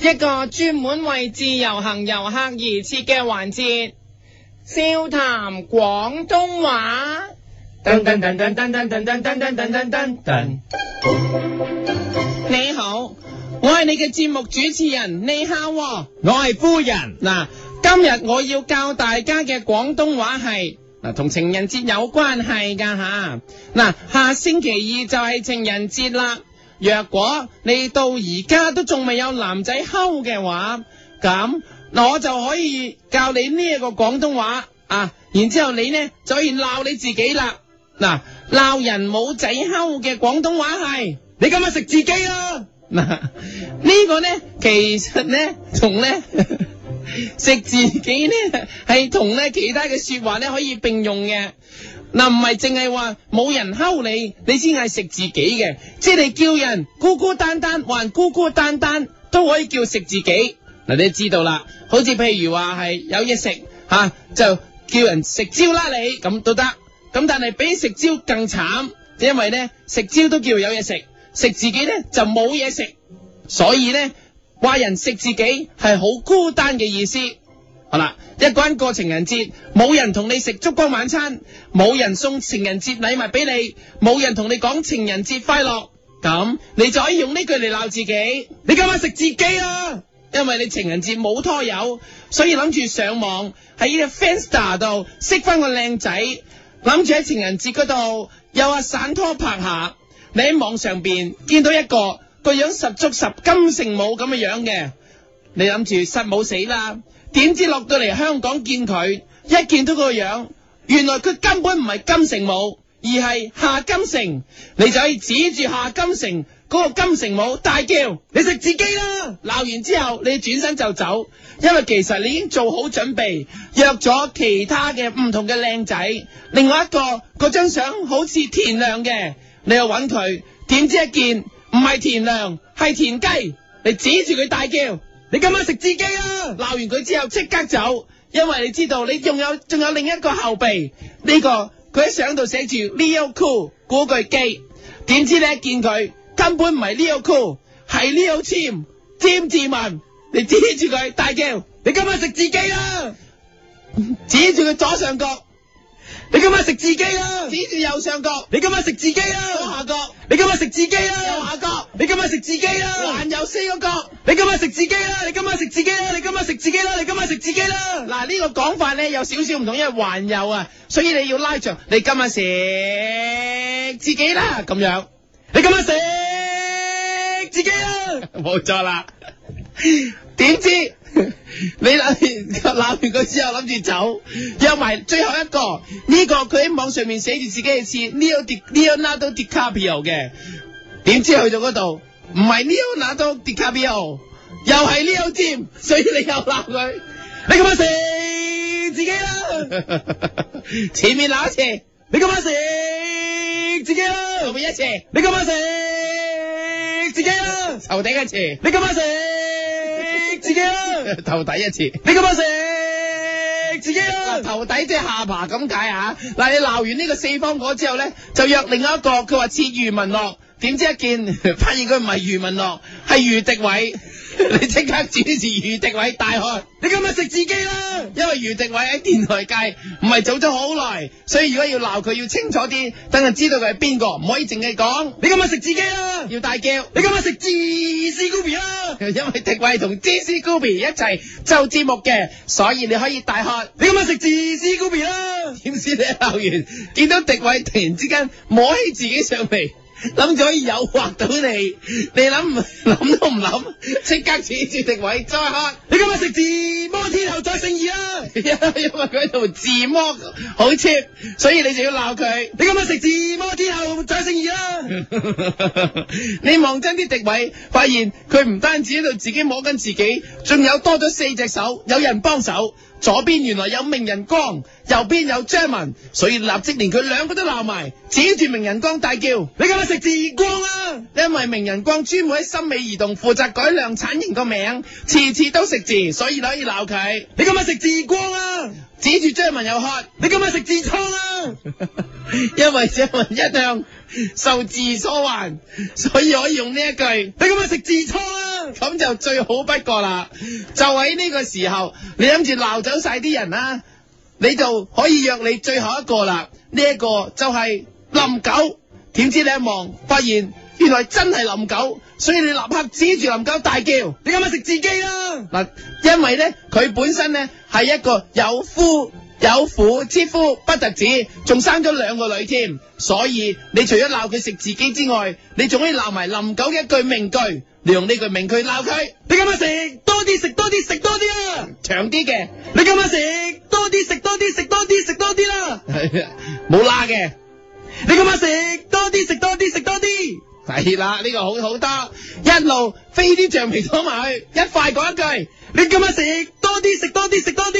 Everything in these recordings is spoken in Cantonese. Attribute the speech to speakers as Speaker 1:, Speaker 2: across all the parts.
Speaker 1: 一個專門為自由行遊客而設嘅環節，笑談廣東話。 你好，我係你嘅節目主持人，你好，哦，我係夫人。嗱，今日我要教大家嘅廣東話係，嗱，同情人節有關係噶吓。嗱，下星期二就係情人節啦。若果你到而家都仲未有男仔溝嘅話，咁我就可以教你呢一個廣東話啊，然之後你呢就可以鬧你自己啦。嗱、啊，鬧人冇仔溝嘅廣東話係，你今日食自己咯、啊。嗱、啊，呢、呢個呢，其實呢，同咧食自己呢係同呢其他嘅說話咧可以並用嘅。嗱，唔係淨係話冇人溝你，你先係食自己嘅，即係你叫人孤孤單單，還孤孤單單都可以叫食自己。嗱、啊，你都知道啦，好似譬如話係有嘢食吓，就叫人食蕉啦，你咁都得。咁、啊、但係比食蕉更慘，因為咧食蕉都叫有嘢食，食自己咧就冇嘢食，所以咧話人食自己係好孤單嘅意思。好啦，一個人過情人節，冇人同你食燭光晚餐，冇人送情人節禮物俾你，冇人同你講情人節快樂，咁你就可以用呢句嚟鬧自己。你今晚食自己啊！因為你情人節冇拖友，所以諗住上網喺呢個 f a n Star 度識翻個靚仔，諗住喺情人節嗰度有阿散拖拍下。你喺網上邊見到一個個樣十足十金城武咁嘅樣嘅，你諗住實冇死啦。點知落到嚟香港見佢，一見到個樣，原來佢根本唔係金城武，而係夏金城。你就可以指住夏金城嗰個金城武大叫：你食自己啦！鬧完之後，你轉身就走，因為其實你已經做好準備，約咗其他嘅唔同嘅靚仔。另外一個，嗰張相好似田亮嘅，你又搵佢，點知一見唔係田亮，係田雞，你指住佢大叫。你今晚食自己啊，鬧完佢之後即刻走，因為你知道你仲有仲有另一個後備，呢、呢個佢喺上度寫住 Leo Cool，古巨基。點知你一見佢根本唔係 Leo Cool，係 Leo 詹詹字文，你指住佢大叫，你今晚食自己啊！指住
Speaker 2: 佢左上角。你今晚食自己啦，指住右上角。你今晚食自己啦，左下角。你今晚食自己啦，右下角。你今晚食自己啦，環遊四個角，你今晚食自己啦，你今晚食自己啦，你今晚食自己啦，你今晚食自己啦。嗱，呢個講法咧有少少
Speaker 1: 唔同，因為環遊啊，所以你要拉長。你今晚食自己啦，咁樣。你今晚食自己啦，冇錯啦。點知？ 你諗完，鬧完佢之後諗住走，約埋最後一個呢、這個佢喺網上面寫住自己嘅字 Leo Neo De Leo 拿到 DiCaprio 嘅，點知去到嗰度唔係 Neo Na 拿到 DiCaprio，又係 Neo Tim。所以你又鬧佢， 你咁樣食自己啦， 前面那一次，你咁樣食自己啦，後面一次，你咁樣食自己啦， 頭頂一次，你咁樣食。自己啦、啊， 頭底一次，你咁樣食自己啦、啊， 頭底即係下巴咁解啊！嗱， 你鬧完呢個四方果之後呢，就約另一個，佢話切余文樂。點知一見發現佢唔係余文樂，係余迪偉，你即刻指示余迪偉大喝！你今日食自己啦，因為余迪偉喺電台界唔係做咗好耐，所以如果要鬧佢要清楚啲，等佢知道佢係邊個，唔可以淨係講。你今日食自己啦，要大叫！你今日食自私 Gubi 啦，因為迪偉同芝士 Gubi 一齊做節目嘅，所以你可以大喝！你今日食自私 Gubi 啦，點知你鬧完見到迪偉突然之間摸起自己上嚟。諗咗可以誘惑到你，你諗唔諗都唔諗，即刻指住敵位再吓。 你今日食自摸天后再勝二啦， 因為佢喺度自摸好 cheap，所以你就要鬧佢。 你今日食自摸天后再勝二啦， 你望真啲敵位，發現佢唔單止喺度自己摸緊自己，仲有多咗四隻手，有人幫手。左邊原來有名人光，右邊有張文，所以立即連佢兩個都鬧埋，指住名人光大叫：你今日食字光啊，因為名人光專門喺心理移動負責改良產型個名，次次都食字，所以可以鬧佢。你今日食字光啊，指住張文又喝：你今日食字瘡啊， 因為張文一向受字所患，所以可以用呢一句，你今日食字瘡啊。咁就最好不過啦！就喺呢個時候，你諗住鬧走晒啲人啦，啊，你就可以約你最後一個啦。呢、這、一個就係林狗，點知你一望，發現原來真係林狗，所以你立刻指住林狗大叫：你咁咪食自己啦？嗱，因為呢，佢本身呢係一個有夫。有婦之夫不特止，仲生咗兩個女添，所以你除咗鬧佢食自己之外，你仲可以鬧埋林狗嘅一句名句，你用呢句名句鬧佢，你今晚食
Speaker 2: 多啲，食多啲，食多啲啊，長啲嘅，你今晚食多啲，食多啲，食多啲，食多啲啦，冇啦嘅，你今晚食多啲，食多
Speaker 1: 啲，食多啲，大啦，呢個好好得，一路飛啲橡皮拖埋去，一
Speaker 2: 塊講一句，你今晚食多啲，食多啲，食多啲。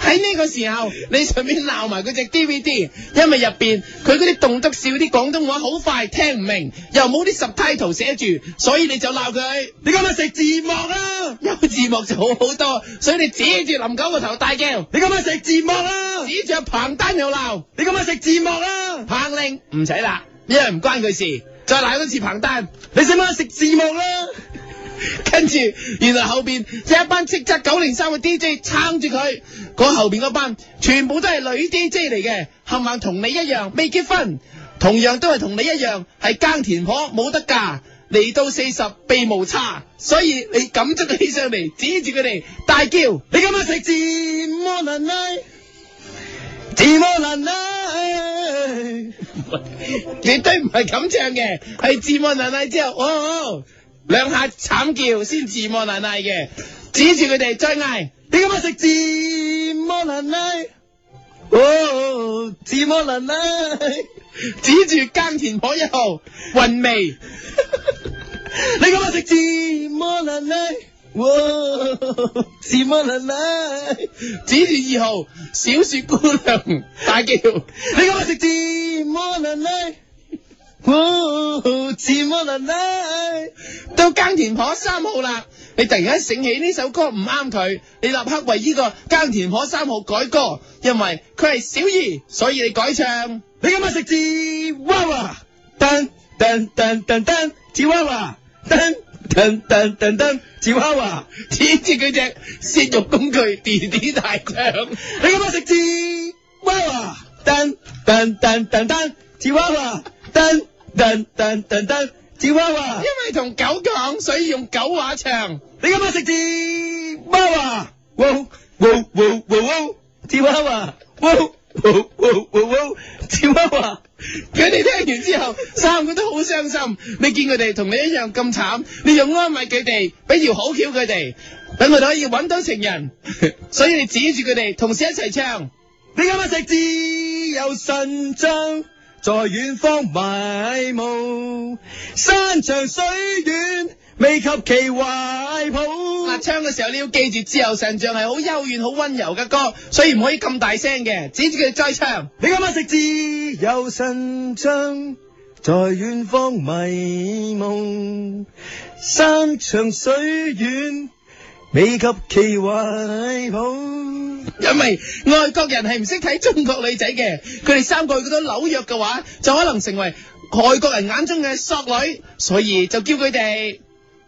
Speaker 2: 喺呢個時候，你上面鬧埋佢隻 D V D，因為
Speaker 1: 入邊佢嗰啲動篤笑啲廣東話好快聽唔明，又冇啲 subtitle 寫住，所以你就鬧佢。你今日食字幕啦、啊，有字幕就好好多，所以你指住林九個頭大叫，你今日食字幕啦、啊，指着彭丹又鬧，你今日食字幕啦、啊，彭令唔使啦，因為唔關佢事，再鬧多次彭丹，你使乜食字幕啦、啊？跟住，原來後邊一班叱咤九零三嘅 DJ 撐住佢，嗰後邊嗰班全部都係女 DJ 嚟嘅，冚唪唥同你一樣未結婚，同樣都係同你一樣係耕田婆，冇得嫁，嚟到四十被無差，所以你咁捉起上嚟，指住佢哋大叫：你咁樣食字魔難拉，字魔難拉，你對唔係咁唱嘅，係字魔難拉之後，哦。兩下慘叫，先自摸奶奶嘅，指住佢哋再嗌，你
Speaker 2: 咁樣食自摸奶奶，哦，自摸奶奶，指住耕田婆一號云眉， 你咁樣食自摸奶奶，哦，自摸奶奶，指住二號小雪姑娘大叫， 你咁樣食自摸奶奶。哇！字蛙、哦哦、奶奶
Speaker 1: 到耕田婆三號啦，你突然間醒起呢首歌唔啱佢，你立刻為呢個耕田婆三號改歌，因為佢係小二，所以你改唱。
Speaker 2: 你今日食字蛙哇，噔噔噔噔噔，字蛙哇，噔噔噔噔噔，字蛙哇，指住佢隻攝肉工具，弟弟大將。你今日食字蛙哇，噔噔噔噔噔。紙娃娃：噔噔噔噔噔，紙娃娃，娃娃因為同狗講，所以用狗話唱。你今晚食紙娃娃：嗚嗚嗚嗚嗚，紙娃娃：嗚嗚嗚嗚嗚，
Speaker 1: 紙娃娃。俾、哦、你聽完之後，三個都好傷心。 你見佢哋同你一樣咁慘，你仲安慰佢哋，俾條好橋佢哋，等佢哋可以揾到情人。
Speaker 2: 所以你指住佢哋，同時一齊唱。你今晚食字有神粥。在遠方迷霧，山長水遠，未及其懷抱。拉槍嘅時候你要記住，自由神像係好
Speaker 1: 幽遠、好溫柔嘅歌，所以唔可以咁大聲嘅，指住佢哋再唱。
Speaker 2: 你今晚食自由神像，在遠方迷霧，山長水遠。美及其華好，因為外國人係唔識睇中國女仔嘅，佢哋三個去
Speaker 1: 到紐約嘅話，就可能成為外國人眼中嘅索女，所以就叫佢哋。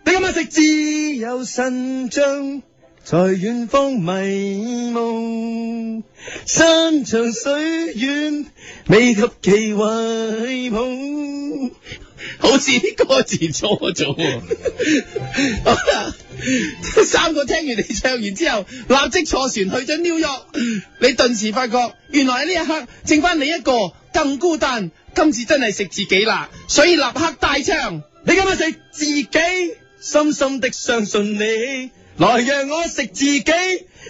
Speaker 2: 你今日食自由神像，在遠方迷霧，山長水遠，美及其華好。好似啲歌詞錯咗，三個聽完你唱完之後，立
Speaker 1: 即坐船去咗紐約。你頓時發覺，原來呢一刻，剩翻你一個更孤單。今次真係食自己啦，所以立刻大唱。你今日食自
Speaker 2: 己，深深的相信你，來讓我食自己，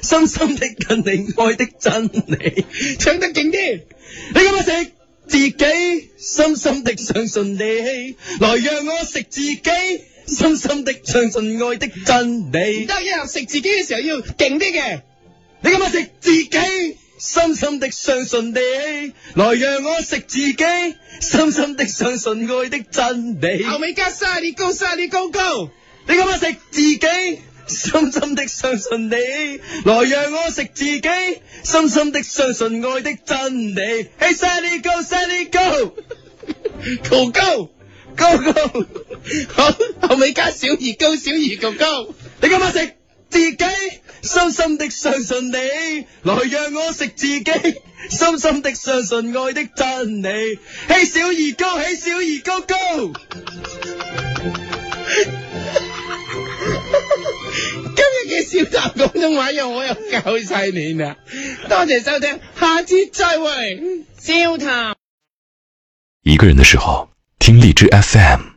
Speaker 2: 深深的近你愛的真理。唱得勁啲，你今日食。自己深深的相信你，來讓我食自己，深深的相信愛的真理。唔得，食自己嘅時候要勁啲嘅。你咁樣食自己，深深的相信你，來讓我食自己，深深的相信愛的真理。後尾加沙律高，沙律高高，你咁樣食自己。深深的相信你，來讓我食自己。深深的相信愛的真理。Hey Sally Go Sally Go，高高高高，好後尾加小二高小二高高。你今晚食自己？深深的相信你，來讓我食自己。深深的相信愛的真理。Hey 小二高，Hey 小二高高。笑談廣東話又我又教晒你啦，多謝收聽，下次再會，笑談一個人的時候聽荔枝 FM。